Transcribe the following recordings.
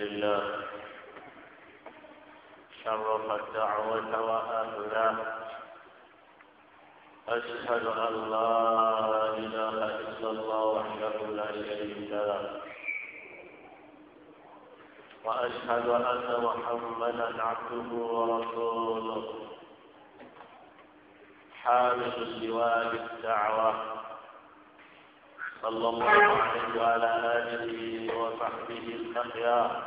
لله شرف الدعوة وأهله أشهد أن لا إله إلا الله وحده لا شريك له وأشهد أن محمدا عبده ورسوله حامل لواء الدعوة صلى الله عليه وعلى آله وصحبه الأخيار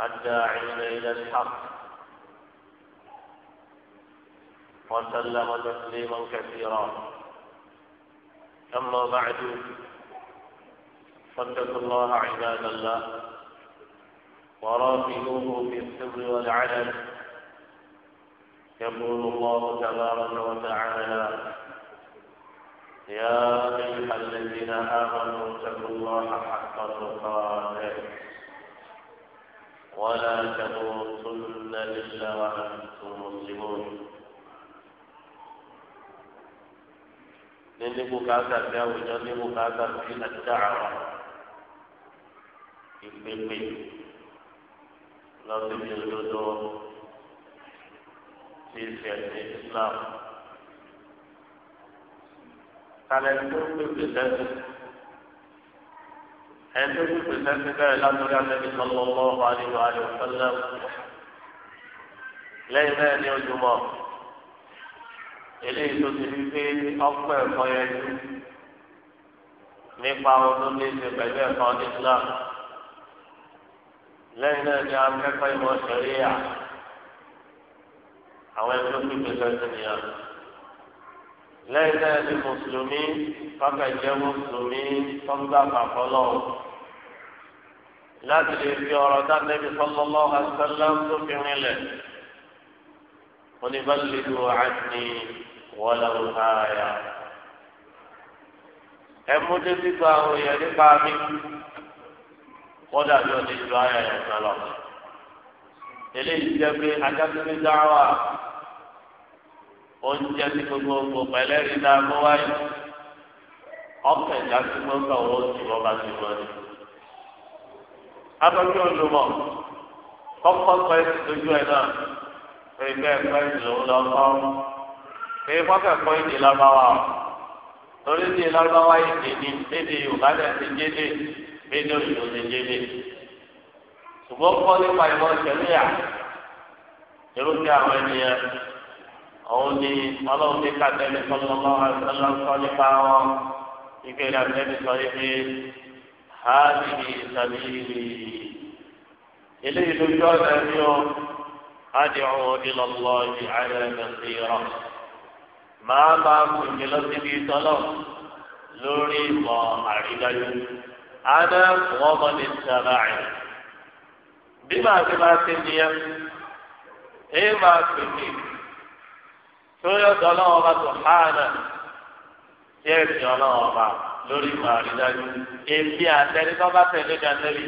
الداعين إلى الحق وسلم تسليما كثيرا أما بعد فاتقوا الله عباد الله وراقبوه في السر والعلن يقول الله تبارك وتعالى يا أيها الذين آمنوا اتقوا الله حق تقاته ولا تموتن إلا وأنتم مسلمون نني مكاثر يا وجاني مكاثر في الدعوة يبقي لا تجدوا في سياسة الإسلام kalẹ̀ tó pépè sẹ́sẹ̀ ẹni tó pépè sẹ́sẹ̀ bẹ́ẹ̀ látọ̀rí àtẹ̀bí sọlọ́lọ́ àdìgbò àdìgbò fẹ́lẹ́ lẹ́yìn bẹ́ẹ̀ ni ojúmọ́ eléyìí tó ti fi pé ọ̀pọ̀ ẹ̀kọ́ yẹn ju nípa ọdún ní ti pẹ̀lú ẹ̀kọ́ Islam lẹ́yìn náà ni akẹ́kọ̀ọ́ ìmọ̀ sẹ́ríà àwọn ẹni tó pépè sẹ́sẹ̀ nìyàwó lẹ́yìn náà ni mùsùlùmí kọ́kẹ́ jẹ́ mùsùlùmí tọ́gbà pàkọ́lọ́ láti lè fi ọ̀rọ̀ dáńdẹ́bí sọ́lọ́lọ́ àṣẹlẹ́m tó fi rinlẹ̀ oníbàlẹ́dù àti wọlọ́wọ́ àyà. ẹ mú títí tó àwọn èèyàn nípa mi wọ́n dàbí ọdẹ ju àyà yẹn sọ̀rọ̀ eléyìí jẹ́ pé ajáde ní dáhùn oúnjẹ tí gbogbogbò pẹ̀lẹ́ rí dáa kó wáyé ọkọ̀ ìjà tí wọ́n kà wọ́n ti wọ́n bá ti wọ́n ni. abọ́jú olùmọ̀ kọ́kọ́ pẹ́ lójú ẹ̀ náà pé bẹ́ẹ̀ pẹ́ lòun lọ kọ́ pé fọ́kẹ̀kọ́ ìdè lọ́bàwà ọ̀ torí ìdè lọ́bàwà ìdè ní èdè Yorùbá náà ti jẹ́dẹ̀ bẹ́ẹ̀ ní òyìnbó ti jẹ́dẹ̀ ṣùgbọ́n kọ́ nípa ìmọ̀ ìṣẹ̀lẹ̀ yà irúfẹ́ àwọn ènìyàn òun ni ọlọ́run ní kàtẹ́lẹ̀ sọ́lọ́lọ́ àtàlọ́sọ́ nípa wọn ìgbéra àtẹ́lẹ̀ sọ ibi hàbìlì sàbìlì eléyìí lójú ọ̀nà mi ò adìrò ìlọ́lọ́ ìdí àyẹ̀lẹ̀ sí rọ màá bá kùnjẹ lọ síbi tọ́lọ̀ lórí ìmọ̀ àrídájú adá wọ́n bọ́ ní sábà rẹ̀ bí màá ti máa ṣe nìyẹn èyí máa pè mí torí ọ̀dọ̀ ọlọ́run ọba tó hánà tí ẹ fi ọlọ́run ọba lórí ìgbà àrídájú èmi àtẹni tó bá tẹ̀lé ní àtẹ́lí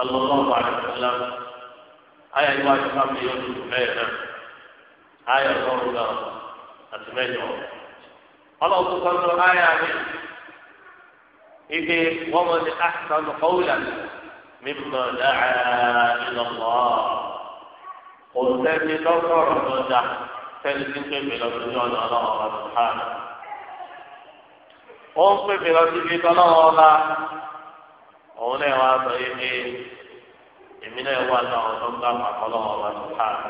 ọlọ́run ọba àrídájú ayé ìwà tó bá mi yóò bẹ́ẹ̀ náà ayé ọlọ́run náà àti mẹ́jọ ọlọ́run tó kọ́ lọ ayé àmì ibi wọ́n mọ̀ ní àkàtúntò kọ́wùlà mímọ̀ dáa ìlọ́mọ́ kò sẹ́ni lọ́kọ̀ọ̀rọ̀ lọ́dà sẹ́ni tí ń pèpè lọ sí ọ̀nà ọlọ́run ọba sùhánù. ó ń pèpè lọ sí ibi tọ́lọ́run ọba òun náà wá sọ yìí pé èmi náà wà ní àwọn tó ń bá pàkọ́lọ́run ọba sùhánù.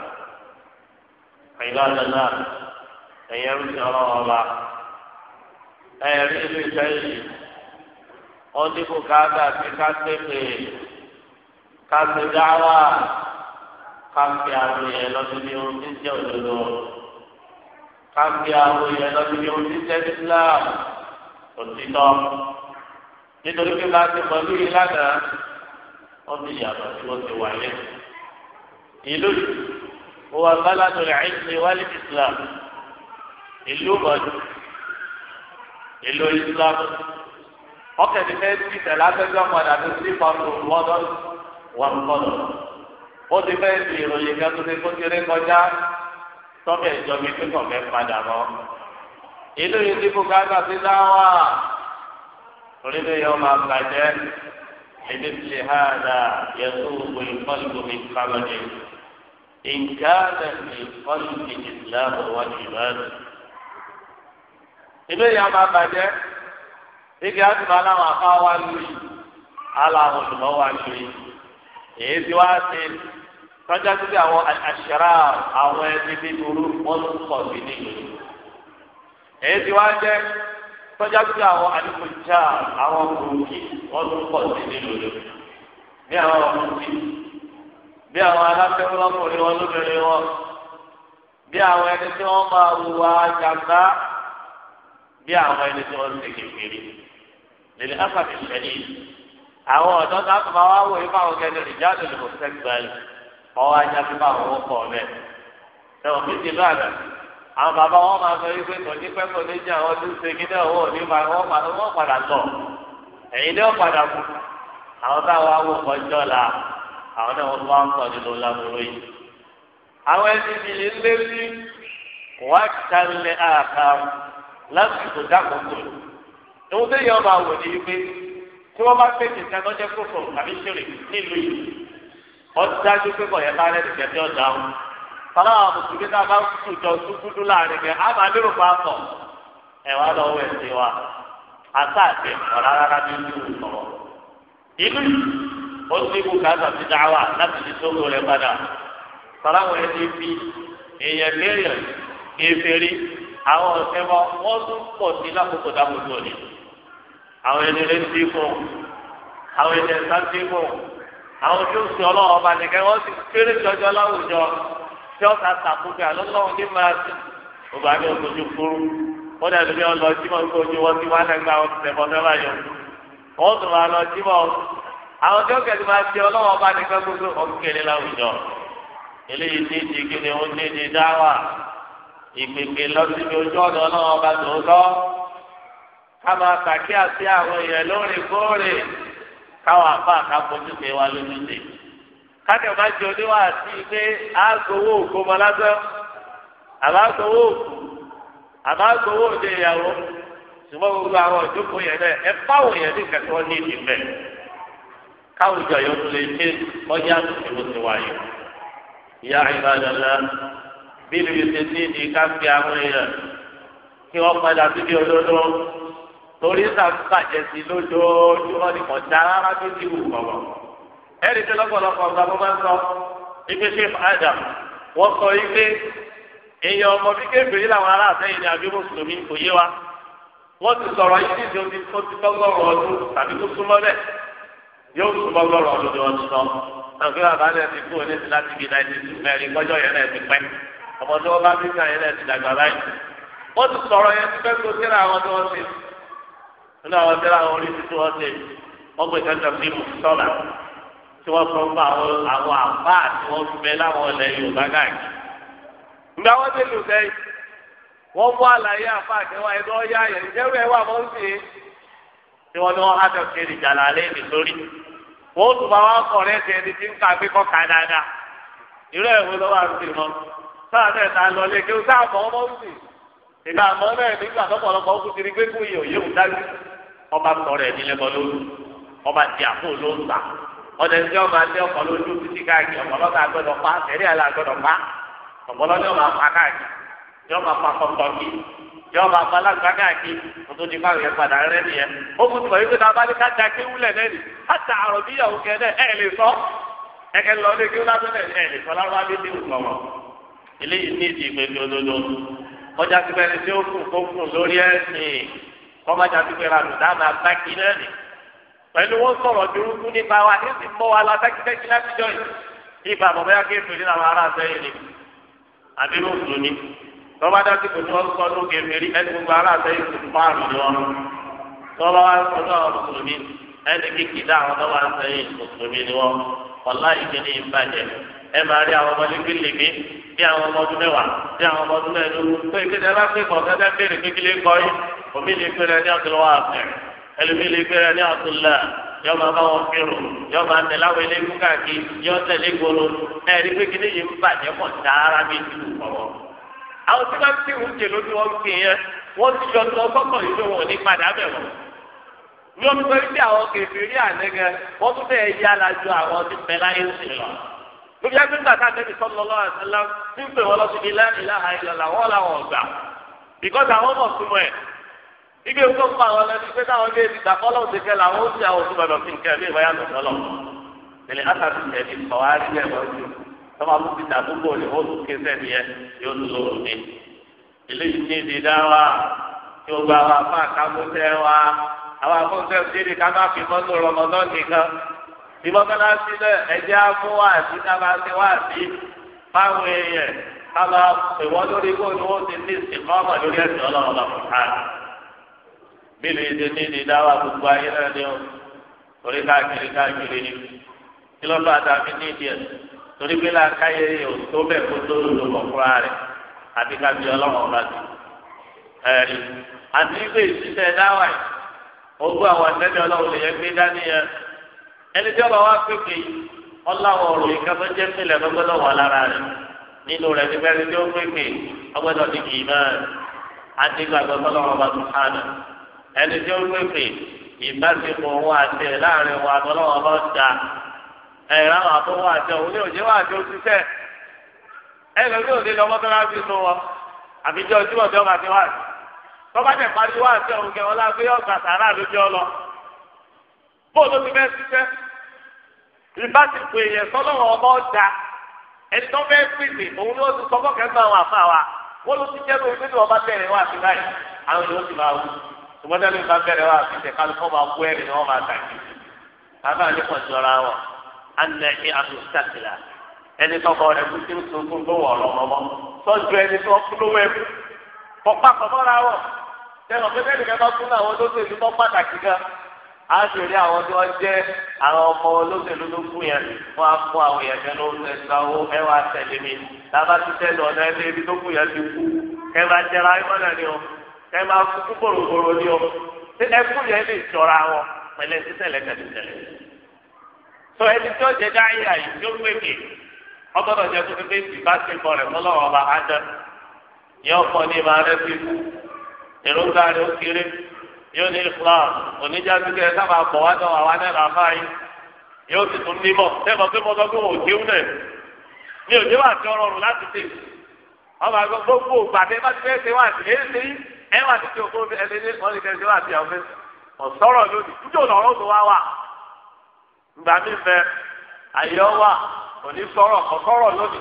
àyìnbá dáná ẹ̀yẹ ń sin ọlọ́run ọba ẹ̀rí ìlú ìfẹ́yì ọdínkù káàdà sí kásẹ̀pẹ̀ kásẹ̀dáwà káfíà rẹ̀ lọ́dún ní orí jẹ́ òdodo káfí àwọn èèyàn lọ́dún yóò ti tẹ́sí islam òtítọ́ nítorí pé bá ti mọ̀ lórí lánàá wọ́n ti yàtọ̀ tí wọ́n ti wáyé. ìlú wa baladu al-ilmi wal islam ìlú bọ̀dù ìlú islam ọkẹ́ ti fẹ́ ti tẹ̀lé afẹ́fẹ́ ọmọdé àti sífọ̀tò mọ́dọ̀ wà mọ́dọ̀ ó ti fẹ́ ti ìròyìn kan tó ti kọjá tọ́fẹ̀ ìjọba ìpínlẹ̀ ọ̀fẹ́ padà lọ. ìlú yìí ti kú gágà sí dáwà orílẹ̀ yìí ọmọ àgbàjẹ́ ẹ̀mí tilẹ̀ ha dà yẹtò ògbó ìfọ́lùkù mi kàlọ́dé. ìkàlẹ̀ ìfọ́lùkù ìsìlámù wà ìbáraẹ̀. ìlú yìí ọmọ àgbàjẹ́ igi àtúmọ̀ aláwọ̀ afáwá lórí aláwọ̀ olùmọ̀ wá lórí èyí tí wàá ṣe tọ́jà tó bí àwọn àṣàrà àwọn ẹni bí burú wọ́n tún kọ̀ sí ní ìlú. èyí ti wá jẹ́ tọ́jà tó bí àwọn àdìgbòjá àwọn burúkí wọ́n tún kọ̀ sí ní ìlú. bí àwọn burúkí bí àwọn aláfẹ́wọ́ lọ́kùnrin wọn lóbìnrin wọn bí àwọn ẹni tí wọ́n máa wùwà jàǹdá bí àwọn ẹni tí wọ́n ti kékeré lèlè áfàdé sẹ́yìn àwọn ọ̀dọ́ tó àtúmọ̀ wá wò yí fáwọn kẹ́lẹ́ ìjáde lè mọ̀ ọwọ́ ajá fi bá àwọn ọkọ̀ rẹ̀ ẹ̀wọ̀n fi ti báàdà àwọn bàbá wọn máa sọ wípé kò ní pẹ́kọ̀ ní jẹ́ àwọn tó ń ṣe kíndé ọwọ́ òní wọ́n padà tọ̀ ẹ̀yin ní ọ̀padà kù àwọn táwọn awọ́kọ̀ jọ la àwọn náà wọ́n wá ń tọ̀ nínú lábúrò yìí. àwọn ẹni bìí ń lé sí wá kálẹ̀ àká lásìkò dákòókò ìwọ́n tó yẹ ọba wò ní wípé tí wọ́n bá pèsè ìtàn jẹ́ kókò àbí ṣèrè nílùú yìí ọdájú pé kọ̀ yẹ ká lẹ́nu kẹ̀kẹ́ ọ̀dà o. Fọlá àwọn mùsùlùmí náà bá kú jọ dúdú láàrin kẹ́ á máa lérò pa pọ̀. Ẹ wá lọ wẹ̀ sí wa. Àtà àti ẹ̀kọ́ rárá ní ìlú sọ̀rọ̀. Ìlú ó ti kú káàtà sí dáwà láti fi tó lóore padà. Fọlá àwọn ẹni fi èèyàn léèyàn kéferí àwọn ọ̀sẹ̀ wọn wọ́n tún pọ̀ sí lákòókò dákòókò ni. Àwọn ẹni rẹ̀ ń dín fún àwọn ẹni ẹ̀ àwọn tí ó sin ọlọ́run ọba nìkan wọ́n ti kéré jọjọ láwùjọ tí ó ta sàkóso àlọ́lọ́run ní máa ti ọba ní ojú kúrú wọ́n dàbí bí wọ́n lọ jímọ̀ nípa ojú wọn ti wá lẹ́gbẹ́ àwọn ti tẹ̀kọ́ fẹ́ báyọ̀ wọ́n tún máa lọ jímọ̀ àwọn tí ó kẹ́lí máa ti ọlọ́run ọba nìkan gbogbo ọ̀kẹ́lẹ́ láwùjọ eléyìí ti di kí ó ti di dáwà ìgbègbè lọ síbi ojú ọ̀nà ọlọ́run ọba tòótọ́ ká máa kàkí káwọn afá àkàkójú pé wá lójúṣe kákẹ́ máa jẹ oníwà sí pé àgọ́wọ́ òkú ọmọ lásán àbágọ́wọ́ òkú àbágọ́wọ́ òde ìyàwó ṣùgbọ́n gbogbo àwọn ìjókòó yẹn náà ẹ fáwọn yẹn ní kẹsàn-án ní ìdìbẹ̀ káwọn ìjọ yóò tún lè ṣe ọjà tuntun ló ti wáyé ìyá ìbàdàlá bí ibi ṣe ti di ká fi àwọn èèyàn kí wọ́n padà síbi olódó torí sàǹfàjẹ sí lójoojúmọ́ ni kò dá rárá tó ti wù kọ̀wọ̀. ẹ̀rí tí lọ́pọ̀lọpọ̀ ọ̀gá mo máa ń sọ ipe sheikh adam wọ́n sọ ipe èèyàn ọmọ bí kébìrì làwọn ará àtẹ́yìn ní àbí mùsùlùmí kò yé wa. wọ́n ti sọ̀rọ̀ yìí níbi omi tó ti tọ́gọ́rọ̀ ọdún tàbí tó súnmọ́ bẹ́ẹ̀ yóò súnmọ́ ọdún ni wọ́n ti sọ. àgbẹ̀ bàbá náà ti kú oníṣẹ́ láti bí náírà mẹ́rin gbọ́jọ́ yẹn náà ti pẹ́ ọmọ tí wọ́n bá bí náírà yẹn náà ti dàgbà báyìí nínú àwọn tẹ́lá àwọn orí tuntun wọn ṣe wọ́n pè kẹ́kẹ́ sí mùsọ́là tí wọ́n sọ fún àwọn àwọn àbá tí wọ́n fi bẹ́ láwọn ilẹ̀ Yorùbá káàkiri. ìgbà wọn ti lù sẹ́yìn wọ́n mú àlàyé àbá àtẹwà ẹ̀ lọ́ yá yẹn ìjẹ́rù ẹ̀ wà mọ́ sí tí wọ́n ní wọ́n hàtọ̀ kiri jàlá alẹ́ mi sórí. wọ́n tún bá wọn kọ̀ rẹ́sì ẹni tí ń ka pé kọ́ ka dáadáa. irú ẹ̀wò lọ́wọ́ àti mọ́ sáà ta lọ lé kí o sáà ìgbà mọ́ náà nígbà tọ́pọ̀lọpọ̀ ó kú ti rí gbé kú iyọ̀ yóò ọba sọ̀rọ̀ ẹni lẹbọ lóru ọba di àpò ló ń ta ọdẹ tí ọba lé ọkọ lójú títí káàkiri ọpọlọta agbẹdọ pa tẹrí àlẹ agbẹdọ pa ọpọlọta ọba pa káàkiri yọba pa kọkọkì yọba pa lágbá káàkiri tuntun ti fáwọn yẹn padà rẹ nìyẹn ó kú tìmọ̀ yìí pé tá a bá ní ká da kéwúlẹ̀ lẹ́nu àtà àrò bíyàwó kẹ náà ẹ̀ lè sọ ẹ̀kẹ́ lọ lé kéwúlẹ̀ lẹ́nu ẹ̀ lè sọ lárúbá bí ti wù kọ̀ọ̀ kọ́mọ́jà tó fẹ́ràn lò dáhùn abáki náà nì pẹ̀lú wọn sọ̀rọ̀ dúrúkú nípa wa ní ti mọ́ wa lọ abákitẹ́kí láti jọ yìí ibà bàbá yà kéèké ní àwọn ará sẹ́yìn ni àbí ló dùn ní tọ́ba dá sí kòtò ọ̀sán ló gé mèrí ẹni gbogbo ará sẹ́yìn tó fún àmì lọ tọ́ba wa sọ́dọ̀ mùsùlùmí ẹni kéèké dá àwọn tọ́ba sẹ́yìn mùsùlùmí ni wọ́n wàlá ìkíní ìbàjẹ́ ẹ máa rí àwọn ọmọdé gbélébé bí àwọn ọmọ mẹ́wàá bí àwọn ọmọ ọdún mẹ́ẹ̀ẹ́dógún pé kéde ẹ bá pé omi lè pèrè ní àtúlọ wà fẹ ẹlòmí lè pèrè ní àtúlọ yọ máa bá wọn fẹrù yọ máa tẹ láwọn eléwu káàkiri yọ tẹlẹ gbolo ẹ ẹni pé kí ni yìí ń bàjẹ́ pọ̀ sára mi ju ọ̀rọ̀. àwọn tí wọ́n ti ń jẹ lójú wọn fi yẹn wọ́n ti yọ tó ọgọ́kàn yìí wọn ní padà bẹ̀ wọ́n. yọ mi pé bí àwọn kèfèrí ànẹ́gẹ wọ́n tún fẹ́ yára ju àwọn tí pẹ́ láyé ń lọ. lóbi ẹgbẹ́ nígbà tá a tẹ́bi sallallahu alaihi wasallam tí ń pè wọ́n lọ síbi la ilaha wọ́n làwọn ọ̀gbà bìkọ́sì àwọn ọmọ ibi èkó ń pa àwọn ọlọ́dún pé táwọn ilé ti dàkọ́ lọ́wọ́ ti kẹ́ làwọn ó ti àwọn òtún bàbá fi nǹkan ẹ̀mí ìwáyà lọ́sọ̀ lọ. Tẹ̀lé àtàkì ẹ̀mí kọ̀ wá rí ẹ̀wọ̀n jù. Tọ́ba mú ti dà gbogbo ni ó tún ké sẹ́ni yẹn yóò tún lò ní. Eléyìí ní ìdí dá wa tí ó gba wa fún àkàmúsẹ́ wa. Àwọn akóńtẹ́ ti di ká má fi mọ́tò rọmọdọ́ nìkan bílù ìdè ní ìdè dáwà gbogbo ayé náà ni ó torí káàkiri káàkiri ni kí ló bá dàbí ní ìdí ẹ̀ torí pé láàkáyé ò tó bẹ̀ kó tó lòlò bọ̀ fúnra rẹ̀ àti kábí ọlọ́run ọba ti ẹ̀rí àti ìgbé ìṣiṣẹ́ dáwà yìí ogún àwọn àtẹ́bí ọlọ́run lè yẹ gbé dání yẹn ẹni tí ọba wa pépè ọláwọ̀ ọ̀rọ̀ ìkẹ́fẹ́ jẹ́ sílẹ̀ gbọ́dọ̀ wà ẹni tí ó ń pèpè ìbáṣepọ̀ wọn àti ẹ̀ láàrin wọn àtọ́lọ́wọ́ bá da ẹ̀rọ àwọn àtọ́wọ́ àti òun ní òjò wà tí ó ti òde lọ́mọ tó láti sún wọn àbíjọ ojúmọ̀ tí bá ti wá sí tọ́ba tẹ̀ parí wá sí òun kẹwọn lágbé ọ̀gbà sàrà lójú ọ bóun ló ti fẹ́ ṣiṣẹ́ ìbáṣepọ̀ èèyàn sọ́lọ́wọ́ ọba ọ̀dà ẹni tó fẹ́ pèsè òun ló ti sọ fọ́kẹ́ tòmọ́tà ló ń bá bẹ̀rẹ̀ wá àfihàn kálukọ́ máa kú ẹ̀rì ni wọ́n máa tàkì bàbá mi kàn jọra wọn anna ẹ̀ àtúntàkìlà ẹni tó kọ́ ẹ̀kú tí ń sunkún tó wọ̀ ọ̀rọ̀ mọ́mọ́ tọ́jú ẹni tó kú lówó ẹ̀kú kọ́pá kọ́mọ́ra wọn tẹ̀wọ̀n pé bẹ́ẹ̀ ni kẹ́kọ́ kún àwọn olóṣèlú ọmọ olóṣèlú ló kú yẹn wọ́n á fún àwọn èèyàn kan ló ń owó ẹwà tẹ̀lé mi lábàtúntẹ̀lẹ̀ ọ̀nà ẹ̀lẹ́bí tó kú yẹn ti kú ẹ ẹ máa kú gbòrògbòrò ni o ẹkú yẹn lè jọra wọn pẹlẹ títẹlẹ tẹlifẹlẹ tó ẹni tí jẹ dáhìá yìí tí ó gbèké ọgbọ́dọ̀ jẹ ti rẹ ọba yóò fọ ní fi kú rẹ ó kéré yóò ní oníjà dúkẹ sábà bọ wá dọwọ àwọn yóò ti tún tẹmọ pé mo sọ pé mi ò ẹ wà títí òkú ẹlẹ́dẹ́ wọ́n lè tẹ̀síwá àti àwọn fẹ́ ọ̀sọ́rọ̀ lónìí níjọ́ lọ́rọ́ tó wá wà gbà mí fẹ́ àyọ̀ wà òní sọ̀rọ̀ ọ̀sọ́rọ̀ lónìí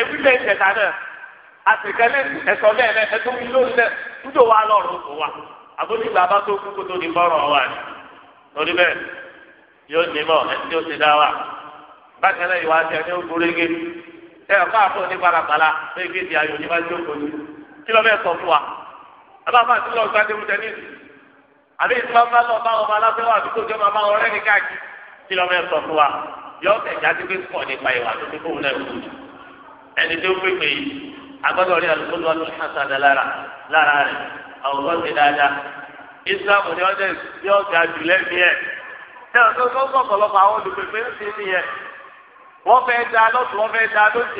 ẹbí lè tẹ̀ta náà àtìkẹ́lẹ́ ẹ̀sọ́ bẹ́ẹ̀ náà ẹ̀tọ́ mi lónìí náà níjọ́ wà lọ́rùn tó wà bàbá tó kú kó tó di bọ́rọ̀ wà ní torí bẹ́ẹ̀ yóò ní mọ̀ ẹni tí ó ti dá wà ìwà ẹni aláfa àti lọ gba déwù tẹnisi àbí ìtumọ̀fà lọ bá ọba aláfẹ́wà àdúgbò jẹ́ màmá ọ̀rẹ́ ní káàkiri kí lọ́mọ ẹ̀ sọ fún wa yọ ọ̀tẹ̀ jáde pé pọ̀ nípa ìwà tó fi fóun náà kú ẹni tó fi pè yìí agbọ́dọ̀ rí alùpùpù ọdún hasan lára lára rẹ̀ àwòrán ti dáadáa islam ni ọdẹ yóò ga jù lẹ́mìí ẹ̀ ẹ̀ ọ̀dọ́ tó ń kọ̀ọ̀kọ̀ lọ́pọ̀ àwọn olùpèpè ń sin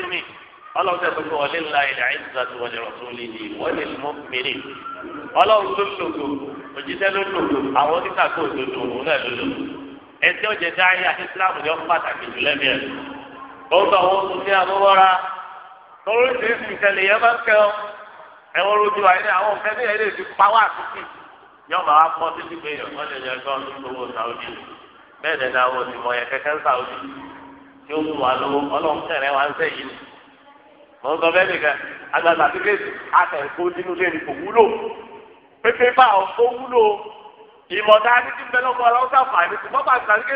nìyẹn ọlọ́run tẹ̀ sọ́kọ́ wọlé ńlá ilẹ̀ àìsàn tó wọlé ọ̀tún lìlì wọlé mọ́mìnrin ọlọ́run ló lòdò òjíṣẹ́ ló lòdò àwọn oníkà tó lòdò òun náà lòdò ẹsẹ̀ ọ̀jẹ̀ dáhìí àti islam yọ pàtàkì jù lẹ́mí ẹ̀ lọ́wọ́ àwọn oṣù tí a mọ́wọ́ ra lọ́wọ́ ti fi ìṣẹ̀lẹ̀ yẹn bá kẹ́ ọ ẹ̀wọ́n rojú wa ẹni àwọn òfẹ́ bíyẹn lè mo sọ bẹ́ẹ̀ nìkan àgbàgbà kékeré àtẹ̀kọ́ nínú ilé ni kò wúlò pépé bá ọ kó wúlò ìmọ̀ta ní ń bẹ lọ́kọ̀ ọlọ́wọ́ sàǹfààní ṣùgbọ́n bá kékeré ti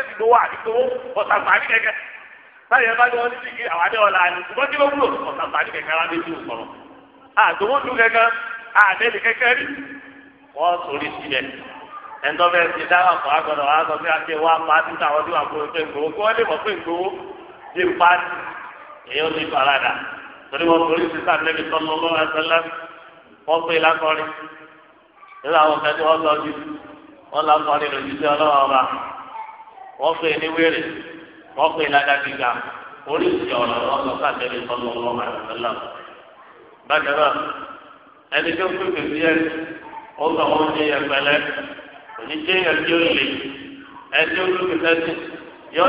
kẹ̀kẹ́ báyìí bá ní wọn ní àwọn ọ̀la ni ṣùgbọ́n kí ló wúlò kẹ̀kẹ́ rárá méjì dùn kẹ̀kẹ́ rí wọ́n torí wọn torí sísá nẹ́bí sọ́nù lọ́wọ́ ẹ̀sẹ̀lá wọ́n pè lákọ́rin nínú àwọn kẹ́tí wọ́n sọ bí wọ́n lákọ́rin lòdìsí ọlọ́wọ́ ọba wọ́n pè ní wéré wọ́n pè ládàgíga oríṣi ọ̀rọ̀ wọn sọ ká nẹ́bí sọ́nù lọ́wọ́ ẹ̀sẹ̀lá. bákan náà ẹni tó kú kìí yẹ ó sọ wọn ní ẹgbẹlẹ òní tí yẹ kí ó lè ẹni tó kú kìí yọ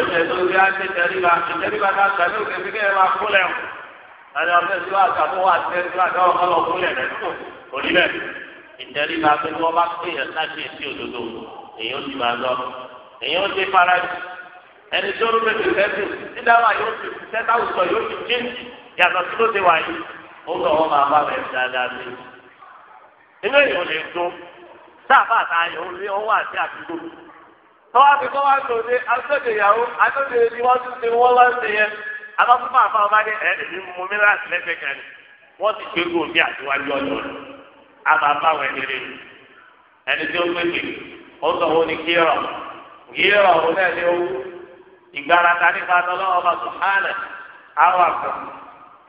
ọ̀sẹ̀ tó àti ọ̀fẹ́ ìlú àgbàdo wà sí ìlú àgbàdo ọlọ́ kúlẹ̀ rẹ̀ kò rí bẹ́ẹ̀. ìtẹ́rí máa fi wọ́n bá kéèyàn láti èsì òdodo èyàn ti máa lọ èyàn ti fara jù ẹni tó rú bèbè fẹ́ẹ́ nígbàwá yóò ti sẹ́tà àwùjọ yóò ti jí yàtọ̀ sí ló ti wà yìí ó lọ wọn máa bá bẹ̀rẹ̀ dáadáa sí i. inú èèyàn lè dún sáàbà ta èèyàn lé owó àti àdúgbò tọ́wọ́ àti tọ́wọ́ àti òde àtọ́jọ ìyàwó àtọ́jọ ìdíwọ́n ti alọ́sọ́fà àfọwọ́ bá dé ẹ̀ẹ́dì mú mi láti lẹ́sẹ̀ kan ni wọ́n ti gbé gòm bí àtiwájú ọjọ́ rẹ̀ a máa bá wọn ẹni rẹ̀ ẹni tí ó gbèsè ó sọ wọn ni kíyọ̀rọ̀ kíyọ̀rọ̀ òun náà ni ó ìgbára ta nípa tọ́lọ́wọ́ bá tó hánà àwọn àpò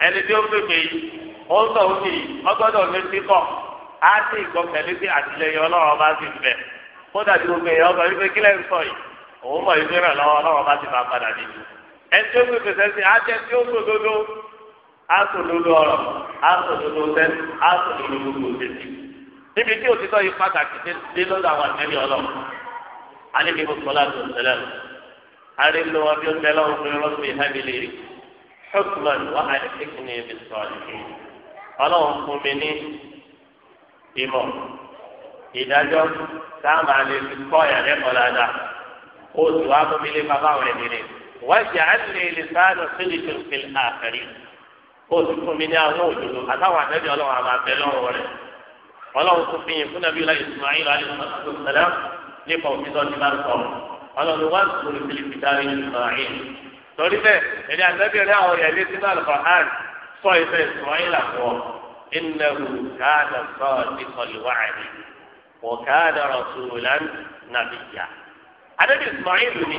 ẹni tí ó gbèsè yìí ó sọ wọn ni ọgbọ́dọ̀ ní síkọ̀ á sì gbọ́kẹ̀lé sí àtìlẹyìn ọlọ́run bá sì bẹ̀ kódà tí gbogbo ẹtí ó gbé pèsè sí àti ẹtí ó gbé dodo asòdodo ọ̀rọ̀ asòdodo sẹni asòdodo gbogbo sẹni níbi tí òtítọ́ yìí pàtàkì dé lọ́dọ̀ àwọn àtẹ́lẹ̀ ọlọ́run alẹ́bí gbogbo láti ọ̀sẹ̀lẹ̀ arínú wọn bí ó tẹ́lẹ̀ wọn fún irọ́ sí ìhábìlì rí hukman wà á lè fíkì ní ibi sọ̀rọ̀ yìí ọlọ́run fún mi ní ìmọ̀ ìdájọ́ táwọn àlè fi kọ́ ìyàlẹ́kọ̀ọ́ dáadáa ó sì wá fún mi lé bàbá àwọn ẹ̀mí rẹ̀. واجعلني لسان صدق في الآخرين قلت من أموت أتوى النبي الله على بلون ولو كفي كن نبي الله إسماعيل عليه الصلاة والسلام لقوم ذات الأرقام ولو نواصل في الكتاب إسماعيل torí bẹ́ẹ̀ ẹni àtẹ́bí rẹ àwọn ìyàlẹ́ tí náà lọ́kọ̀ hàn sọ ìfẹ́ ìsúnmáyé làkọ́ ìnáwó káàdà sọ ìkọlù wáàdì wọ́n káàdà rọ̀ sùn lánàá nàbìyà. adébí ìsúnmáyé lónìí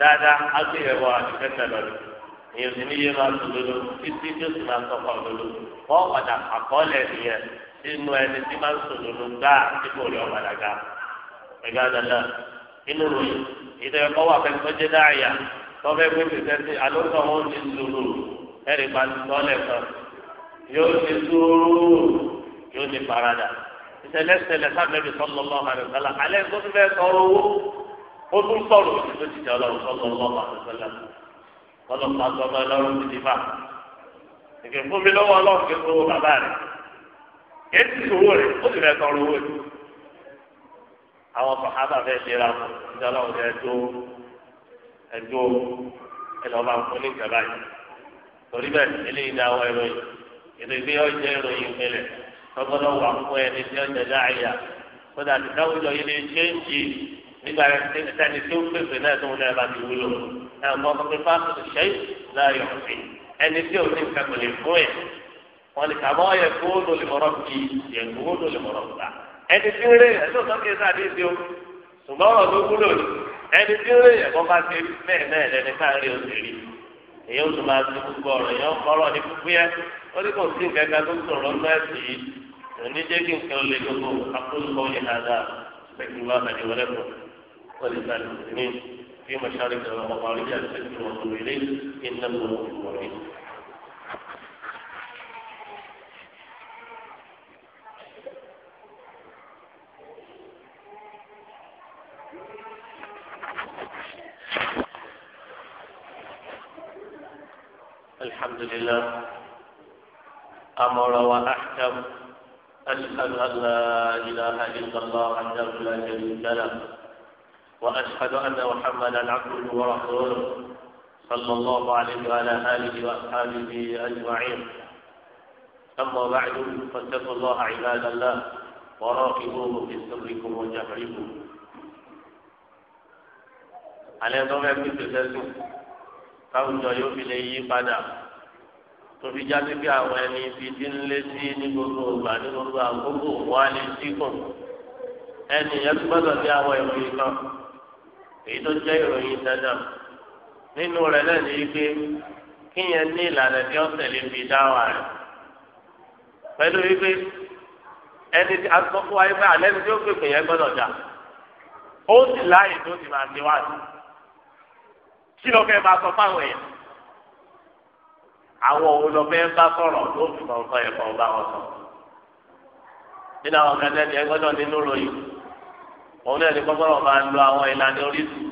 dáadáa agbèrèwọ àdìkẹtẹ lọdọ èyí sì ní yé máa tó lolo títí tó sì máa tọkọ lolo wọn padà àkọọlẹ nìyẹn sínú ẹni tí máa ń tó lolo gbáà tí kò rí ọ̀padà ga ẹgbẹ́ àdàlà inú ròyìn ìdẹ́rẹ́ kọ́ wà fẹ́ẹ́ tọ́jú dáàyà tọ́fẹ́ pé pèsèntì alóńtọ́ wọn ti lòlò ẹ̀rì bá ti tọ́lẹ̀ kan yóò ti sùúrù yóò ti faradà ìṣẹ̀lẹ̀ ṣẹlẹ̀ sábẹ́bí sọ́lọ́lọ́ àrẹ̀sálà alẹ́ tó ti fẹ́ sọ owó. ó tún sọ̀rọ̀ òsì tó ti jẹ́ ọlọ́run sọ́kọ̀ ọlọ́run àtẹ̀sẹ́lẹ̀ ọlọ́run àti ọmọ ẹlọ́run ti di fà èké fún mi lọ́wọ́ ọlọ́run kí n tó bàbá rẹ̀ kí sòwò rẹ̀ ó sì rẹ̀ tọrọ owó yìí àwọn sàhábà fẹ́ ṣe ra fún ẹjọ́ ẹlọ́ba fún ní ìjọba yìí torí bẹ́ẹ̀ àwọn ọjọ́ ẹni tí ọjọ́ kódà nígbà sẹ́ni tí ó pèsè náà tó ń lẹ́yìn bá ti wúlò náà mọ́ pé fásitì ṣe é láàyò ọ̀sẹ̀ ẹni tí ò ní nǹkan kò lè fún ẹ̀ wọ́n lè kàmọ́ yẹ kó ló lè mọ̀rọ̀ bí yẹ kó ló lè mọ̀rọ̀ gbà ẹni tí ń rè yẹ tó sọ́kè sáàdé ti o ṣùgbọ́n ọ̀rọ̀ ló wúlò ni ẹni tí ń rè yẹ kó bá ti bẹ́ẹ̀ náà lẹni káàrin òṣèré èyí ó tún máa ti gbogbo ọ̀rọ̀ yẹn ọ̀rọ̀ ní fúfú yẹ ó ní kò sí nǹkan kan tó ń sọ̀rọ̀ lọ́sẹ̀ yìí òní jẹ́ kí nǹkan lè gbogbo akólúkọ yẹn náà dáa bẹ́ẹ̀ ni ولسان المسلمين في مشارق ومغاربها الفتح والصوم اليه انه غفور رحيم الحمد لله أمر وأحكم أشهد أن لا إله إلا الله وحده لا شريك له وأشهد أن محمدا عبده ورسوله صلى الله عليه وعلى آله وأصحابه أجمعين أما بعد فاتقوا الله عباد الله وراقبوه في سركم وجهركم على ضوء كتابه káwùjọ yóò fi lè yí padà tó fi jáde bí àwọn ẹni fi dín lé ní gbogbo ìgbà ní gbogbo àkókò wọn á lè dínkù ẹnì yẹn tó gbọ́dọ̀ ní kan èyí tó jẹ́ ìròyìn dandan nínú rẹ̀ náà ní pé kíyẹn ní ìlànà tí ó tẹ̀lé fi dáwà rẹ̀ pẹ̀lú wípé ẹni tí a sọ fún wa yìí pé àlẹ́ tí ó pèpè yẹn gbọ́dọ̀ dà ó sì láàyè tó ti máa níwá sí kí ló fẹ́ máa sọ fáwọn èèyàn àwọn òun bá sọ̀rọ̀ tó fi kọ̀ọ̀kan ẹ̀kọ́ bá wọn sọ nínú àwọn kẹtẹ́ ni gbọ́dọ̀ nínú ròyìn òun náà ní kọ́kọ́rọ́ máa lo àwọn ìlànà orísun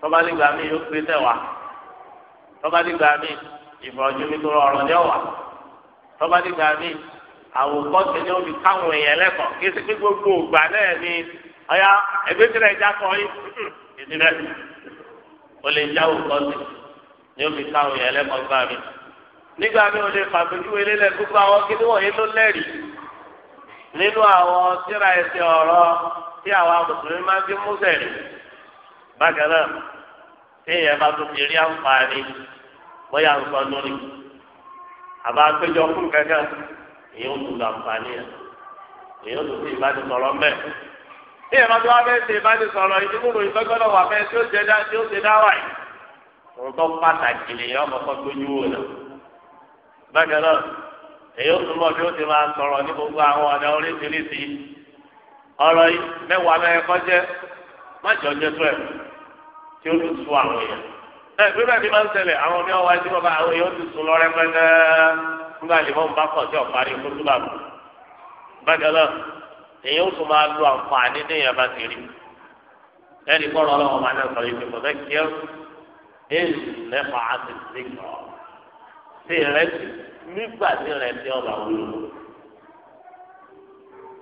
tọ́ba nígbà míì yóò pé tẹ̀wá tọ́ba nígbà míì ìfọ̀jú mi tó rọrùn ní ọ̀wà tọ́ba nígbà míì àwòkọ́ ti ní omi káwọn èèyàn lẹ́kọ̀ọ́ kí sí pé gbogbo ògbà náà ni ọ̀yá ẹgbẹ́ tí nàìjíríà kọ́ yín ìdí rẹ̀ o lè já òkọ́ sí ní omi káwọn èèyàn lẹ́kọ̀ọ́ gbà mí nígbà míì o lè fàgbéjúwe lélẹ̀ gbogbo àwọn kí ni wọ̀nyí ló lẹ́rìí nínú àwọn síra ẹsẹ̀ ọ̀rọ̀ tí àwa mùsùlùmí máa fi músẹ̀ rí bákan náà téèyàn bá tún fi rí àǹfààní bóyá ń sọ lórí àbá péjọ fún kankan èyàn tún lọ àǹfààní ẹ èyàn tún fi ìbánisọ̀rọ̀ mẹ́. téèyàn bá tún wá fẹ́ ṣe ìbánisọ̀rọ̀ ìdíkùrù ìfẹ́gbọ́dọ̀ wà fẹ́ tí ó ṣe dá tí ó ṣe dá wáyé. òun tó pàtàkì lèyàn kọ́kọ́ gbójú wò náà. bákan náà èyàn tún mọ̀ bí ó ti máa sọ̀rọ̀ ní gbogbo àwọn ọ̀dà oríṣiríṣi ọ̀rọ̀ yìí mẹ́wàá mẹ́rin kọjá májọ jẹ tó ẹ̀ tí ó tún sùn àwọn èèyàn. ẹ bí bẹ́ẹ̀ ni máa ń ṣẹlẹ̀ àwọn mi ọwọ́ ẹtí bàbá àwọn èèyàn ti sùn lọ́rẹ́ pẹ́ẹ́nẹ́ nígbà lè mọ́ nbá kọ̀ sí ọ̀parí kótóbà mú. bákan náà èèyàn ó tún máa lo àǹfààní déèyàn bá ti rí. ẹnì kọ́rọ̀ ọlọ́wọ́ máa náà sọ ìpè kò fẹ́ kí ẹ nígbà tí rẹ̀ ti ọ̀làwúlò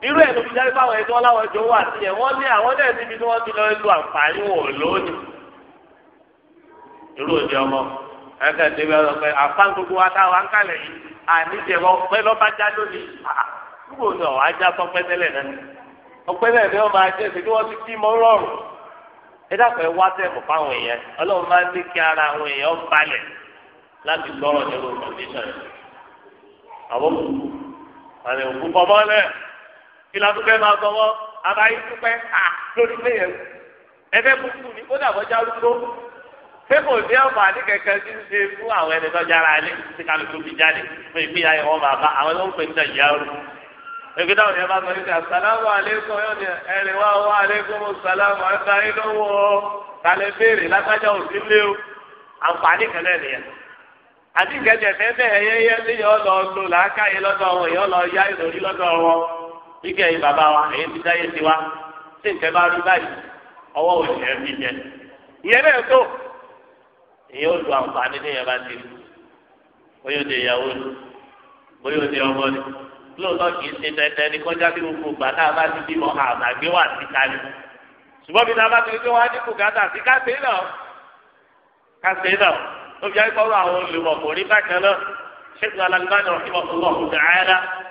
irú ẹ̀ ló fi jáde báwọn ẹni wọn láwọn jọ wà sí ẹ̀ wọ́n ní àwọn náà níbi tí wọ́n ti lọ lu àǹfààní wọn lónìí. irú òde ọmọ ẹ̀ka ìdèbí ọ̀rọ̀ pé àǹfààní gbogbo wa táwa ń kalẹ̀ yìí àníjẹ̀wọ́ pẹ́ lọ́ba já lónìí. kúrò ní ọ̀ ajá sọpẹ́ tẹ́lẹ̀ náà ọpẹ́ bẹ́ẹ̀ bẹ́ẹ̀ máa jẹ́ ṣe kí wọ́n ti kí mọ́ rọrùn. ẹ dàpọ̀ ẹ wá sẹ́ẹ̀mù fáwọn èèyàn ọlọ́run máa ń ní kí ara àwọn èèyàn balẹ̀ ìlà dúpẹ́ máa gbọ́wọ́ àbáyé dúpẹ́ à lórí ilé ẹgbẹ́ kúkú ni ó dàbọ̀ já lúgbó pé kò sí ọ̀pọ̀ àti kẹ̀kẹ́ tí ń ṣe fún àwọn ẹni tó jára ilé tí kálukú fi jáde fún ìpínyà ìwọ̀n bàbá àwọn tó ń pè níta ìyá rú. èmi táwọn yẹn bá sọ ní sàlámù sàlámù àlékún yóò ní ẹni wá wá àlékún sàlámù àgbà inú wọ kálẹ̀ béèrè lágbájá òsì lé o àǹfààní kan wíkẹ́ yìí bàbá wa èyí ti dáyé sí wa tí nǹkan bá rí báyìí ọwọ́ ò ní ẹbí jẹ ìyẹn náà tó èyí ó lu àǹfààní ní ìyẹn bá ti rí bóyá ó di ìyàwó ni bóyá ó di ọmọ ni lóòótọ́ kì í ṣe tẹ́tẹ́ ní kọjá kí gbogbo ìgbà náà bá ti bímọ àgbàgbé wà síta ni ṣùgbọ́n bí náà bá ti rí pé wọ́n á dínkù gàdà sí káṣe náà káṣe náà ó fi àyíkọ́ àwọn olùmọ̀ kò rí bákan náà ṣé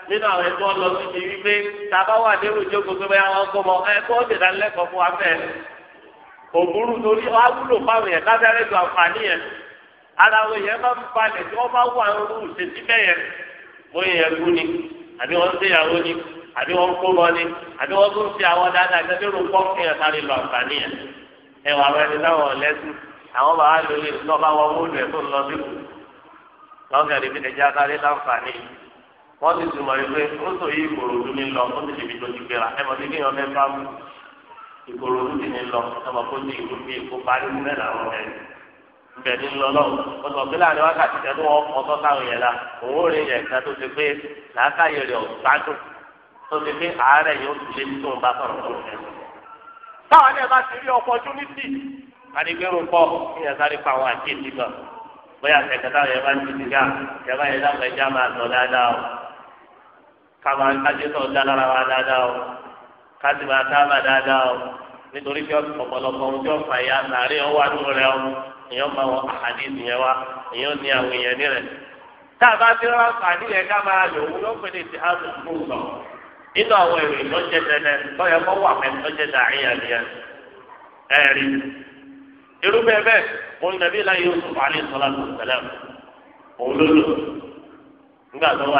nínú àwọn ẹgbẹ́ ọlọ síbi wípé tàbá wà nínú ìjókòó pé báyà wọn kó mọ ẹgbẹ́ ó dèdà lẹ́kọ̀ọ́ fún wa fẹ́ òbúrú torí wọn wúlò fáwọn yẹn lábẹ́rẹ́ ju àǹfààní yẹn ara wọn yẹn máa ń balẹ̀ tí wọ́n bá wà nínú ìṣesí bẹ́ẹ̀ yẹn bóyá yẹn kú ni àbí wọ́n ń ṣèyàwó ni àbí wọ́n ń kó lọ ni àbí wọ́n tún fi àwọn dáadáa gẹ́gẹ́ ló kọ́ fún yẹn sáré lọ àǹfààní yẹn ẹwà rẹ ni táwọn lẹ́sùn àwọn bàbá lóye lọ́ba wọn wọ́n lù ẹ̀ tó ń lọ sí wọ́n ti tún mọ̀ wípé ó sọ yí ìkòròdú ní lọ ó sì lè fi dojú gbéra ẹ mọ̀ sí kí wọ́n fẹ́ bá mú ìkòròdú ti ní lọ ẹ mọ̀ kó ní ìlú bí èkó parí nílẹ̀ làwọn ẹ̀ bẹ̀ ní lọ lọ́wọ́ ó sọ pé láàrin wákàtí tẹ́ tó wọ́n kọ́ sọ́kàwé yẹn la òun ò rí yẹn kan tó ti pé làákàyè rẹ̀ ọ̀gbádùn tó ti pé àárẹ̀ yóò ti lé tó ń bá sọ̀rọ̀ tó ń fẹ́. táwọn ẹ̀ bá ti rí opportunity kàmá kájú tó dá lára wa dáadáa o kájú bá dáàbà o nítorí pé ọ̀pọ̀lọpọ̀ ya o èèyàn máa wọ àhàdí ìyẹn wa ní ní a ti rán ti wà irú tó lò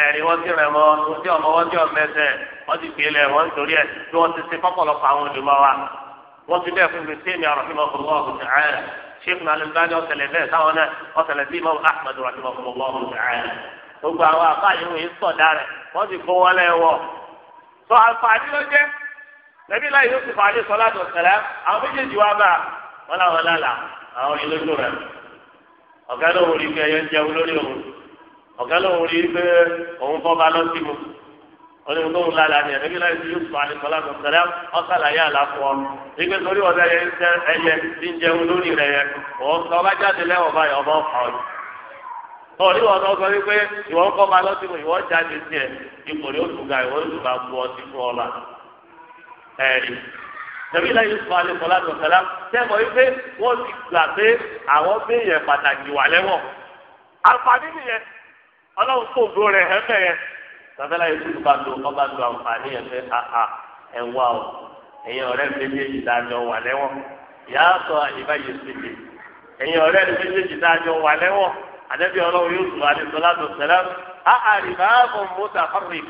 ẹ̀rí wọ́n ti rẹ̀ mọ́ ojú ọmọ wọ́n ti ọmọ ẹsẹ̀ ti gbé lẹ̀ wọ́n torí ẹ̀ tí wọ́n ti ṣe fọ́pọ̀lọpọ̀ àwọn olùmọ̀ wa wọ́n ti bẹ́ẹ̀ fún mi sí èmi rahimahullahu ta'ala sheikh Al-Albani ọ̀sẹ̀lẹ̀ bẹ́ẹ̀ táwọn náà ọ̀sẹ̀lẹ̀ sí imam ahmed rahimahullahu ta'ala gbogbo wọn yìí sọ̀dá rẹ̀ àwọn méjèèjì wá bá wọn làwọn rẹ̀ ọ̀gá ló ọ̀gá lóun rí pé òun bọ́ ba lọ́sí mu olórí lóun lára ni ẹ̀rẹ́bí láì sí yusuf alayisalaam sọ̀rọ̀ ọ̀sàlàyé àlàfọ̀ ẹgbẹ́ sórí ọ̀dà yẹn jẹ́ ẹyẹ tí ń jẹun lórí rẹ̀ yẹn òun sọ ọba jáde lẹ́wọ̀n báyìí ọba ọ̀fà ọ̀yọ́. ọ̀rí wọn sọ wípé ìwọ ńkọ́ máa lọ́sí mu ìwọ jáde sí ẹ̀ ipò ní oṣù ga ìwọ oṣù bá bu ọtí fún ọlá. ẹ̀rí ẹ̀rẹ́bí láì yusuf alayisalaam sọ̀rọ̀ sẹ́mọ̀ wípé wọ́n ti gbà pé àwọn ọlọ́run kò gbó rẹ̀ hẹ́fẹ̀ yẹn tàbẹ́lá yìí kúrú bá lo ọba lo àǹfààní yẹn fẹ́ ẹ̀ wá o ẹ̀yin ọ̀rẹ́ méjèèjì dájọ́ wà lẹ́wọ̀n ìyá àyíká yìí síbi ẹ̀yin ọ̀rẹ́ méjèèjì dájọ́ wà lẹ́wọ̀n àdẹ́bí ọlọ́run yóò àdé sọlá tó sẹlẹ̀ mọ́tà rẹ̀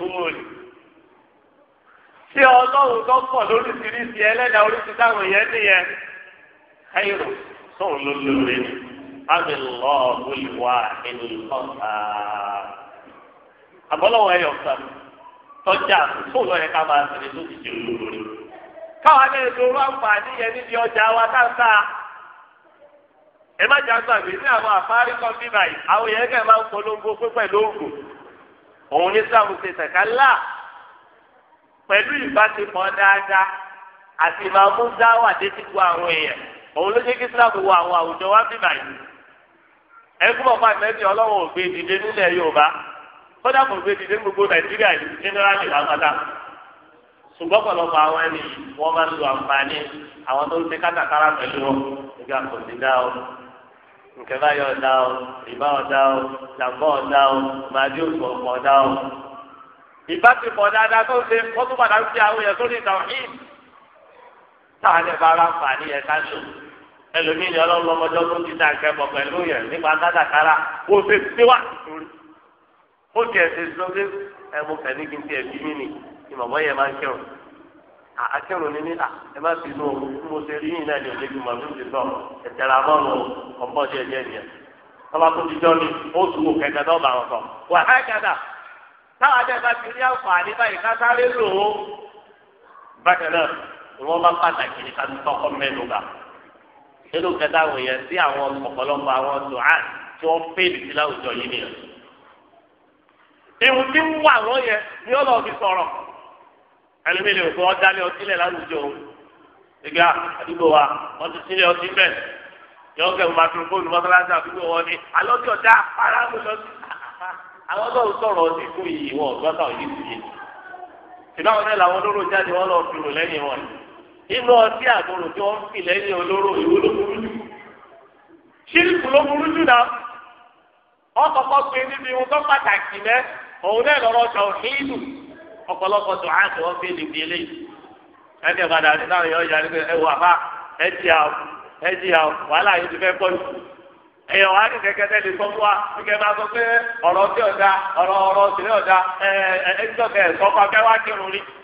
ṣé ọlọ́run tó pọ̀ àmì lọ́ọ̀rù ìwà ìlú ọ̀tá. àbọ̀lọ́wọ́ ẹ̀yọ̀ kan tọ́jà fún lọ́yẹ ká máa tó ti jẹ́ olórí. káwọn abẹ́rẹ́ tó rọ àǹfààní níbi ọjà wa káńtà. ẹ má jà gbàgbé ní àwọn àfárí kan bí báyìí àwọn yẹn kẹ́ máa ń polongo pé pẹ̀lú òògùn. ní sáwọn pẹ̀lú dáadáa àti dé ti gbọ́ àwọn èèyàn ló jẹ́ kí àwọn àwùjọ wa bí báyìí. ẹgbẹ́ ọ̀pá ìfẹ́sìn ọlọ́wọ́ ògbé dìde nílẹ̀ yorùbá kódà kò gbé dìde gbogbo nàìjíríà yìí jẹ́nẹ́rálì làmọ́dá ṣùgbọ́n pọ̀lọpọ̀ àwọn ẹni wọ́n máa ń lo àǹfààní àwọn tó ń ṣe kátàkárà pẹ̀lú wọn nígbà kò sí dá o nkẹ́ báyọ̀ dá o ìbá ọ̀dá o jàmbá ọ̀dá o màdí òṣù ọ̀pọ̀ ọ̀dá o. ìbá ti pọ̀ dáadáa tó ṣe wọ́n tún padà ń fi àwọn èèyàn sórí ní ẹ̀ká ṣòwò ẹlòmíì ni ọlọ́mọdé ọdún ti dá nǹkan bọ̀ pẹ̀lú yẹn nípa kátàkárà ó ṣe ti wá ìtòrí ó tiẹ̀ ṣe sọ́dé ẹ̀mú kẹ́ni kí n tiẹ̀ bí mí ni ìmọ̀mọ́ yẹn máa ń kírun akẹ́rù ni ní ẹ má fi inú mo ṣe rí yìí náà ní òde jùmọ̀ ló ń ti sọ ẹ̀tẹ̀rẹ̀ àmọ́nù ọ̀pọ̀ ṣe ẹ̀jẹ̀ nìyẹn tọ́ba tó ti jọ ní oṣù kẹta náà bá wọn sọ wà á kẹta táwọn ajẹ́ ti rí àǹfààní báyìí ká sáré lò ó nínú kẹta àwọn èèyàn sí àwọn ọ̀pọ̀lọpọ̀ àwọn dùhán tí wọ́n fèèdì sí láwùjọ yìí nìyẹn. ìwù tí ń wà wọ́n ni ó lọ fi sọ̀rọ̀ ẹlẹ́mìí lè fọ́ dálé láwùjọ òun. ìgbà àdúgbò wa wọ́n ti sílẹ̀ ọtí bẹ́ẹ̀ yọ kẹ́kọ̀ọ́ máa tún fóònù mọ́sálásí àdúgbò wọn ni alọ́tí ọ̀dá aráàlú àwọn ọlọ́run sọ̀rọ̀ inú ọtí àbúrò tí wọ́n ń fi lẹ́yìn olóró ìwé ló burú jù ṣírìkù ló burú jù náà pé níbi ohun tó pàtàkì mẹ òun náà lọ́rọ́ sọ hídù ọ̀pọ̀lọpọ̀ tó àti wọ́n fi lè gbélé náà yọ ìyá nígbà àbá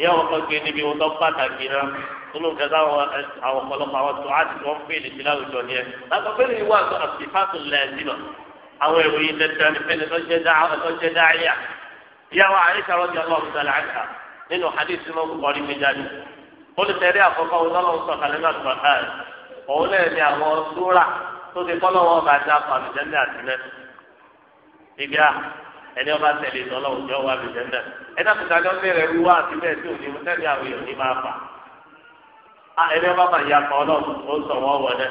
ìyá wọn kọ́ gbé níbi wọn tó pàtàkì náà nínú kẹta àwọn àwọn ọ̀pọ̀lọpọ̀ àwọn tó àti wọn fèlè sí láwùjọ ni ẹ láti wọn fèlè wà sọ àfihàn lẹ́ẹ̀dínà àwọn ìròyìn tẹ̀tẹ̀ ní fẹ́ni tó jẹ́ dáhìá ìyá wa àyíṣà rọ́jà ọlọ́run sọ̀rọ̀ àyíṣà nínú hadith náà kọ́ méjàdì olùtẹ̀rí àkọ́kọ́ ẹni ọba tẹ̀lé tọ́lọ́ òjò wà lójú ẹ̀ ẹ̀dá kùtà ni wọ́n bẹ̀rẹ̀ wíwá àti bẹ́ẹ̀ tí òní sẹ́ni àwọn èèyàn ní máa fà ẹni ọba máa ya pa ọlọ́run ó sọ wọ́n wọ̀ dẹ́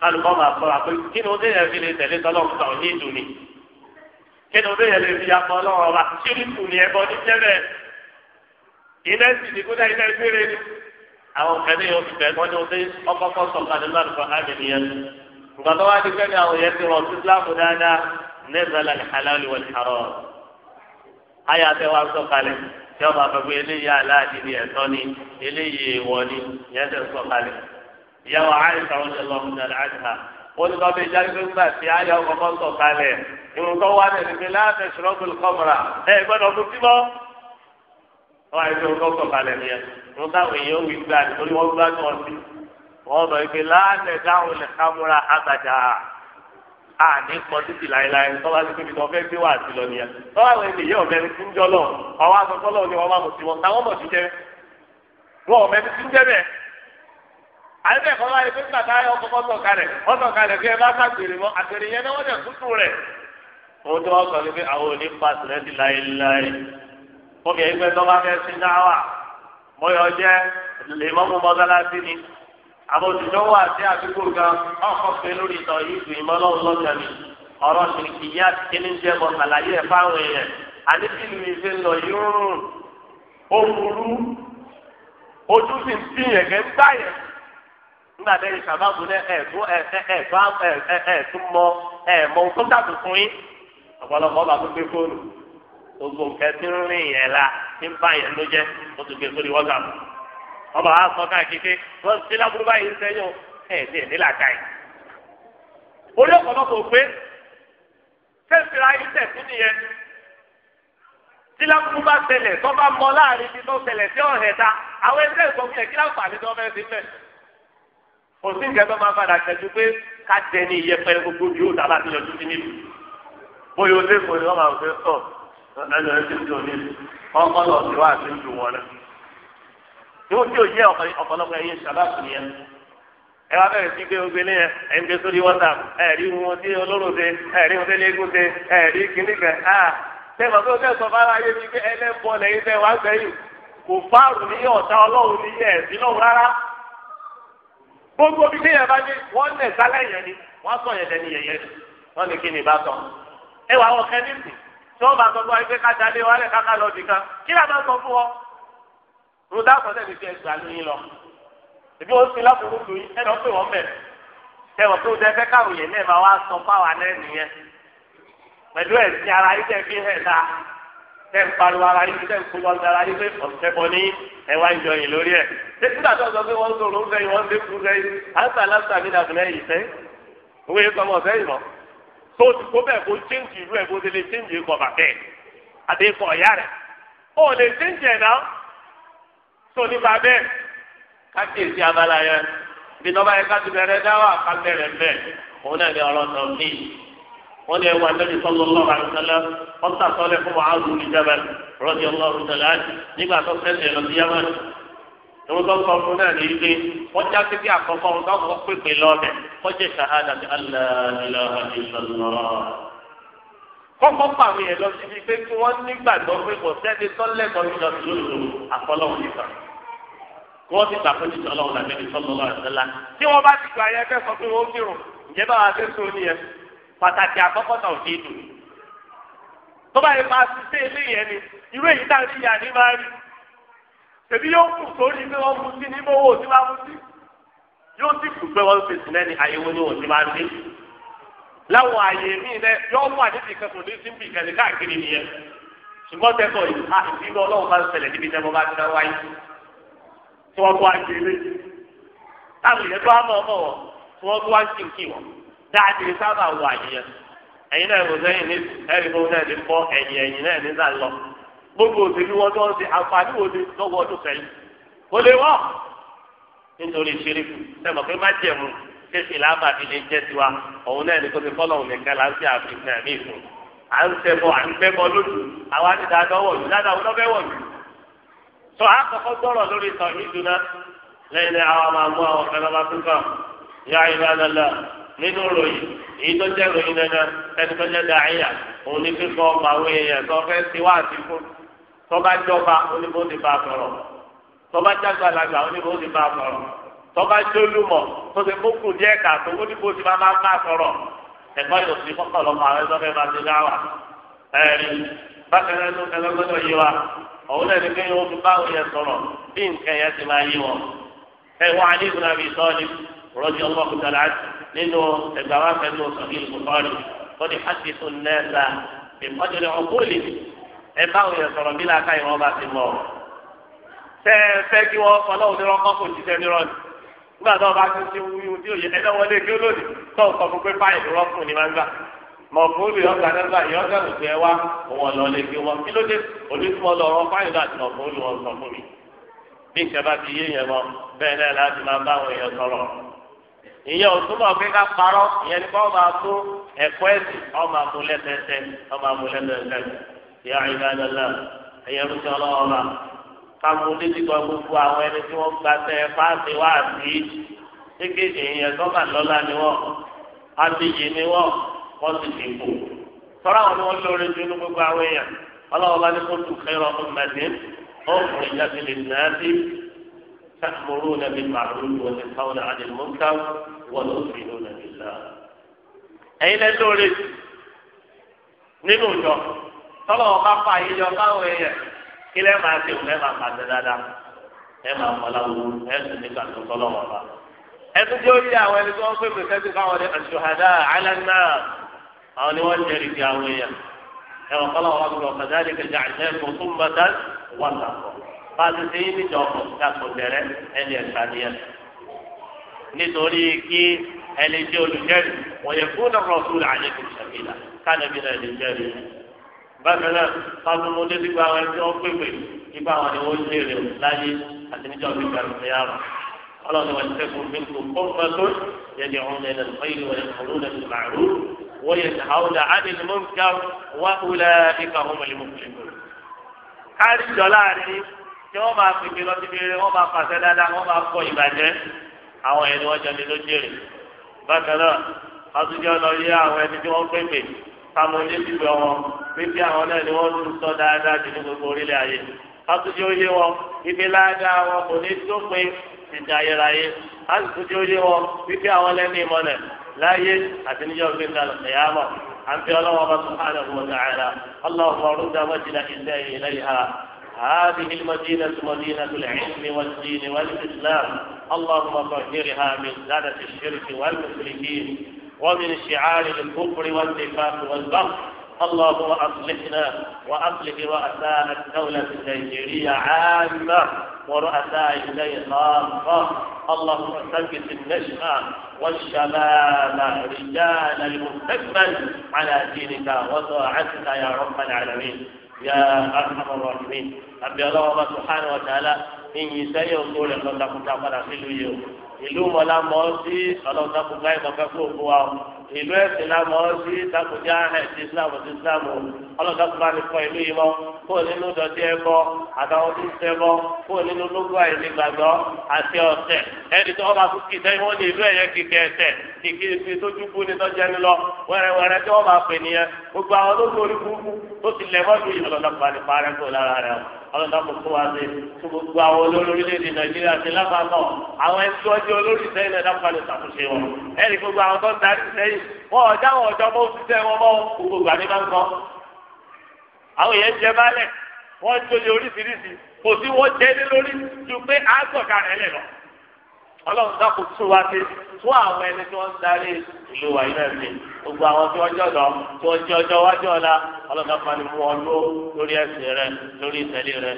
kálukọ́ máa fọ́ra pé kí ni oṣù yẹn fi lè tẹ̀lé tọ́lọ́ òjò ní ìdù ni kí ni oṣù yẹn lè fi ya pa ọlọ́run ọba tí ó kù ní ẹbọ ní tẹ́lẹ̀ iná sì ní kó dá iná ìgbére ni àwọn kẹ́lẹ́ yóò fi bẹ̀rẹ̀ wọ́n ní ọkọ̀ nẹ́sàlẹ̀ halal wal haram ayé afẹ́ wa sọ̀kalẹ̀ tí wọ́n bá fẹ́ pé eléyìí aláàdì ni ẹ̀tọ́ ni eléyìí èèwọ̀ ni ìyẹn tẹ̀ sọ̀kalẹ̀ ìyàwó àìsàn ọ̀sẹ̀ lọ́mùn náà àìsàn wọ́n lọ bẹ jáde pé nígbà tí ayé ọkọ̀ kan sọ̀ kalẹ̀ ìwọ̀n kan láti ṣùrọ́gùn kọ́mọ̀rà ẹ gbọ́dọ̀ fún tímọ́. wọ́n àyè ìwọ̀n kan sọ̀ kalẹ̀ nìyẹn wọ́n táwọn èèyàn àní kọ títí láéláé tọ́ba ti tóbi tó fẹ́ gbé wá sí lọ nìyẹn tọ́ba àwọn ènìyàn ọ̀mẹ́ni tí ń jọ lọ ọwọ́ àtọ́kọ́ lọ ni wọ́n máa mọ̀ sí wọn táwọn mọ̀ sí jẹ́ wọn ọ̀mẹ́ni tí ń jẹ́ bẹ́ẹ̀ àyẹ̀bẹ̀ kọ́ wáyé pé bàtà ayọ̀ kọ́kọ́ sọ̀kalẹ̀ wọ́n sọ̀kalẹ̀ kí ẹ bá sàgbèrè mọ́ àgbèrè yẹn náà wọ́n jẹ̀ tútù rẹ̀. mo tọ́ ọ sọ ni pé àwọn òní pa àwọn òṣìṣẹ́ wà sí àdúgbò gan ọkọ̀ pé lórí ìtàn yìí ju ìmọ̀ lọ́wọ́ lọ́jà mi ọ̀rọ̀ ṣìrìkì yá kíní jẹ́ mọ́ àlàyé ẹ̀ fáwọn èèyàn àní kí ni ìfẹ́ lọ yìí ń rún ó burú ojú sì ń tì yẹn kẹ́ ń gbà yẹn nígbà tẹ́ ìṣàbámu náà ẹ̀ tún ẹ̀ ẹ̀ ẹ̀ ẹ̀ ẹ̀ tún mọ ẹ̀ mọ tó dàbí fún yín ọ̀pọ̀lọpọ̀ bá tó gbé fóònù gbogbo nǹkan tí ń rìn yẹn la ń bá yẹn ló jẹ́ ó tún gbé sórí wọ́sàpù ọba wa sọ káàkiri pé wọ́n ti lábúrú báyìí ń sẹ́yìn o ẹ̀ ní ẹ̀ nílà káyì. orí ọ̀pọ̀lọpọ̀ pé sẹ́ńtìrà yìí tẹ̀ fún nìyẹn. tí lábúrú bá ṣẹlẹ̀ tó bá mọ láàrin ibi tó ṣẹlẹ̀ sí ọ̀hẹ̀ ta àwọn ẹgbẹ́ ìgbọ̀ngàn yẹn kí láǹfààní tó fẹ́ sí mẹ́. kò sí nǹkan tó máa padà kẹjú pé ká jẹ ní iyẹpẹ gbogbo yóò dábàá ti yọjú sí níbi. bóyá olóògbé ni wọ́n máa ń fẹ́ sọ̀ ẹ̀ níwọ̀n tí o yẹ ọ̀pọ̀lọpọ̀ ẹyẹ ṣàlàkù yẹn ẹ wá sí pé o gbélé yẹn ẹ ń gbé sórí ẹ rí wọn tí olóró ṣe ẹ rí wọn tẹ́lẹ̀ eégún ṣe ẹ rí kíní kan á tẹ́lẹ̀ tó tẹ́ sọ fara yé mi pé ẹlẹ́bọ̀ lẹ́yìn wá kò fáàrù gbogbo bí bá dé wọ́n nẹ̀ sálẹ̀ yẹn ni wọ́n sọ yẹn yẹyẹ wọ́n ní bá sọ ẹ wà wọ kẹ́ni tí wọ́n bá sọ fún wa pé ká dalé wa lẹ̀ ká mo dáàbò sẹ́ni fi ẹgbàá lóyún lọ ebi wọn fi lábúrú lu yín ẹnì ọ̀pẹ wọn bẹ̀rẹ̀ ẹ wọ́n pé o tẹ fẹ́ káwọn yẹn náà máa wá sọ fáwa náà nìyẹn pẹ̀lú ẹ̀sìn ara yín tẹ̀ fi hẹ̀ dá tẹ̀ ń pariwo ara yín tẹ̀ ń kó lọ́dọ̀ ara yín pé ọ̀sẹ̀ bọ ní ẹwà ìjọyìn lórí ẹ̀ ṣé nígbà tó sọ pé wọ́n sọ lóun fẹ́yìn wọ́n lékun fẹ́yìn àǹtà láǹtà mi dàbí lẹ́yìn ìfẹ́ owó yẹn sọmọ fẹ́yìn mọ́ tó o ti kó bẹ́ẹ̀ kó chéǹjì ìlú ẹ̀ kó o ti lè chéǹjì ìkọ̀ bàtẹ́ àti ìkọ̀ ọ̀yá rẹ̀ ó lè chéǹjì ẹ̀ náà tó nípa bẹ́ẹ̀ kákìsì abala yẹn bí tọ́ba yẹn kájú bẹ̀rẹ̀ dáwà kábẹ̀rẹ̀ bẹ́ẹ̀ òun náà ní ọ̀rọ̀ tó ní wọ́n ní ẹwà lórí sallallahu alaihi wasallam wọ́n tà sọ́lẹ̀ fún wa áwùjọ ní jabal radiyallahu ta'ala nígbà tó fẹ́sẹ̀ lọ sí yamani tòun tó sọ fún náà ní wọ́n já sí bí àkọ́kọ́ wọn káwọn pèpè lọ́ọ̀bẹ̀ kọ́jẹ́ shahadati Allah ilaha illallah kọ́kọ́ pa àwọn yẹn lọ síbi pé kí wọ́n nígbàgbọ́ pé kò sẹ́ni tọ́lẹ́kọ̀ọ́ yìí lọ sí lóṣù àfọlọ́wọ́ nìkan kí wọ́n ti gbà fún ìṣọ́ ọlọ́run àti ìṣọ́ ọlọ́run àtẹ́lá tí wọ́n bá ti gbà yẹn fẹ́ sọ pé wọ́n kírun ǹjẹ́ bá wa fẹ́ sọ nìyẹn pàtàkì àkọ́kọ́ náà ti dùn tó bá yẹ máa ṣiṣẹ́ ilé yẹn ni irú èyí tá a rí yàrá máa rí ni láwọn àyè míì rẹ yọ mú àdébì kan kò ní sí bí kẹlẹ káàkiri nìyẹn ṣùgbọ́n tẹ́tọ̀ yìí a ìdílé ọlọ́run bá ń ṣẹlẹ̀ níbi tẹ́ mo bá ti dáwọ́ ayé tí wọ́n tó àjẹ ilé táwọn ìyẹn tó á mọ̀ ọmọ wọn tí wọ́n tó á sì kì wọ́n dáadé sábà wọ àyè yẹn ẹ̀yin náà kò sẹ́yìn ní ẹ̀rí kó náà ti fọ́ ẹ̀yìn ẹ̀yìn náà nígbà lọ gbogbo òṣèlú wọn tó ń ṣe àǹfààní wo ni lọ́wọ́ ọdún fẹ́yìn kò lè wọ́ nítorí ṣeréfù sẹ́mọ̀ pé má jẹ̀mú kéèké làbà fi lè jẹ́ tiwa òun náà ní kó ti fọ́lọ́hùn nìkan là ń fi àfihàn mí fún à ń tẹ̀bọ̀ à ń bẹ́bọ̀ lójú àwa ti dáadọ́ wọ̀ lù dáadáa òun lọ́bẹ̀ wọ̀ lù. sọ àkọ́kọ́ gbọ́rọ̀ lórí sọ ìdùnnà lẹ́yìn àwọn máa mú àwọn kan lọ́ba tó kàn yá ìlú àdàlà nínú ròyìn èyí tó jẹ́ ròyìn dandan ẹni tó jẹ́ dàáyà òun ní fífọ́ ọmọ àwọn èèyàn tó fẹ́ tiwá àti fún tọ́ba jọba oníbó ti bá a sọ̀rọ̀ tọ́ba jágbàlagbà oníbó ti bá a sọ̀rọ̀ tọ́ba jólúmọ̀ tó ṣe kókò díẹ̀ kàtó ó ní kó ti máa máa máa sọ̀rọ̀ ẹ̀kọ́ yóò fi kọ́kọ́ lọ́mọ àwọn ẹ̀sọ́ fẹ́ẹ́ máa ti dá wà. ẹ̀rí bákan náà ló fẹ́ẹ́ gbọ́dọ̀ yé wa òun náà ní pé yóò fi báwo yẹ sọ̀rọ̀ bí nǹkan yẹn ti máa yé wọn. ẹ wá ní ìdúrà bíi sọ́ọ̀lì rọ́jì ọlọ́kùn nínú ẹgbà wa fẹ́ tó sọ̀rọ̀ ìlú sọ́ọ̀lì ó ní hàtì nígbà tó o bá ti ti wí ohun tí o yẹ kí ó lòdì tó o sọ fún pé fáìlì rọ́ọ̀kùn ni máa ń gbà mọ̀ fún olùyẹ ọ̀gá nígbà yìí ọ̀gá òkè ẹ wá òun ọ̀lọ́ lè gbé wọn kí ló dé onísùmọ̀ lọ ọ̀rọ̀ fáìlì àti mọ̀ fún olùwọ̀ sọ fún mi bí ìṣẹ̀bá ti yé yẹn mọ bẹ́ẹ̀ náà láti máa bá àwọn èèyàn sọ̀rọ̀ ìyẹn ò túmọ̀ pé ká parọ́ ìyẹn ni kọ́ máa tó ẹ̀kọ́ kámo létí kan gbogbo àwọn ẹni tí wọ́n gba tẹ fáàsì wá sí kékeré yẹn sọ́kà lọ́la ni wọ́n adéyé ni wọ́n wọ́n sì ti kú. tọ́lá àwọn ni wọ́n lórí ju ní gbogbo àwọn èèyàn ọlọ́wọ́ bá ní kó tù kẹ́rọ ọmọdé ọ̀hún ìjáde lè nà á sí sàkúrú nàbí màrún wọn ti fáwọn àdé mọ́tà wọn ló fi lónà nílá. ẹ̀yin lẹ́ lórí nínú ìjọ tọ́lá wọn bá fà yíyọ káwọn èèyàn kí lẹ́ máa ṣe òun ẹ máa pàṣẹ dáadáa ẹ máa mọ̀lá wo ẹ sì ní kàtó sọ́lọ́ wọn bá. ẹ tún jẹ́ orí àwọn ẹni tó ń pè pé sẹ́sì káwọn ní àṣùhàdá àlànà àwọn ni wọ́n ń jẹ́rìí ti àwọn èèyàn. ẹ wọ́n kọ́lọ́ wọn lọ kàdá ní kẹjà àṣẹ fún fún bàtà wọn là kọ́. bá ṣe yín níjọ ọkọ̀ kàtó bẹ̀rẹ̀ ẹni ẹ̀ka ni nítorí kí ẹni jẹ́ olùjẹ́rìí wọ̀nyẹ̀ fún bákan náà fáwọn ọmọ ọdẹ nígbà àwọn ẹni tí wọn pèpè nígbà àwọn ni wọn ń léèrè láyé àti níjọ bí kàrọ ní àrò ọlọ́run wọn ṣe fún mi kò kó fún ẹtọ́ yẹn ọ̀hún ẹ̀ lẹ́nu fẹ́yìn wọn ẹ̀kọ́ ló lẹ́nu màrú wọ́n yẹn àwọn ọ̀dà á nínú mọ́ nǹkà wá wúlẹ̀ nípa àwọn ọmọ ìlú mọ̀ kárí jọ láàrin tí wọ́n máa pèpè lọ síbi eré wọ́n máa pàṣẹ dáadáa wọ́n máa kọ ìbàjẹ́ àwọn ẹni wọ́n jọ pípé àwọn náà ni wọ́n tún sọ dáadáa jù ní gbogbo orílẹ̀ ayé àtúnjẹ oyé wọn ibi ládàá wọn kò ní tó pé ìjà ayérayé àtúnjẹ oyé wọn pípé àwọn lẹ́nu ìmọ̀lẹ̀ láyé àti níjọ́ gbẹ̀ngàn ẹ̀yàmọ̀ àǹfẹ ọlọ́wọ́ bá tún hàn ẹ̀wọ̀n tààrà ọlọ́wọ́ ọ̀rúndà mọ́jìlá ilé ìlẹ́yà هذه المدينة مدينة العلم والدين والإسلام اللهم طهرها من زادة الشرك والمشركين ومن شعار الكفر والنفاق والبغي اللهم أصلحنا وأصلح رؤساء الدولة النيجيرية عامة ورؤساء إليه خاصة اللهم ثبت النشأة والشباب رجال المستقبل على دينك وطاعتك يا رب العالمين يا أرحم الراحمين أبي الله سبحانه وتعالى إن يسير قول الله تقول تقول تقول ìlú mọ̀lá mọ̀ sí ọlọ́dún tó gbáyé mọ̀ká fún òkú wa ìlú ẹ̀sìn lámọ̀ sí takùjá ẹ̀sìn islam sí islam ọlọ́dọ̀kùnrin àti fún ìlú yìí mọ́ kó nínú dọ̀tí ẹ̀kọ́ àtàwọn tó ń sẹ́kọ́ kó nínú lógún àìní gbàgbọ́ àti ọ̀sẹ̀ ẹni tó ọba fún kìtẹ́ wọn ní ìlú ẹ̀yẹ kìkẹ́ ẹ̀sẹ̀ kìkì tó dúkú ní tọ́jà ní lọ wẹ́rẹ́wẹ́rẹ́ tí wọ́n máa pè nìyẹn gbogbo àwọn tó gbórí tó ti lẹ̀ mọ́ bíi ọlọ́dọ̀kùnrin tó wá sí gbogbo àwọn olórílẹ̀-èdè nàìjíríà ti lábàá náà àwọn ẹni tí wọ́n jẹ́ olórí sẹ́yìn náà dákúrò àti wọn ẹni gbogbo àwọn tó ń darí sẹ́yìn wọn ọjà wọn ọjọ bó ṣiṣẹ́ wọn bọ gbogbo ìgbà ní máa ń àwọn èèyàn jẹ balẹ̀ wọn jòyè oríṣiríṣi kò sí wọn jẹ ní lórí ju pé àgbọ̀ká rẹ lẹ̀ lọ ọlọ́run dákò tún wá sí fún àwọn ẹni tí wọ́n ń darí ìlú wa iná gbogbo àwọn tí wọ́n tí wọ́n jẹ́ ọjọ́ wájú ọ̀la ọlọ́run mú wọn lórí rẹ lórí ìtẹ̀lé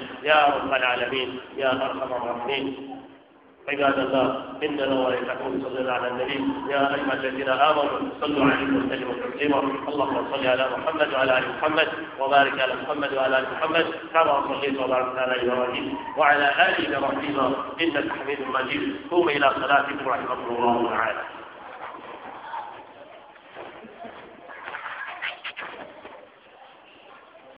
عباد الله اننا ولتكون صلى على النبي يا ايها الذين امنوا صلوا عليه وسلموا تسليما اللهم صل على محمد وعلى ال محمد وبارك على محمد وعلى ال محمد كما صليت وباركت على ابراهيم وعلى ال ابراهيم انك حميد مجيد قوم الى صلاتكم رحمكم الله تعالى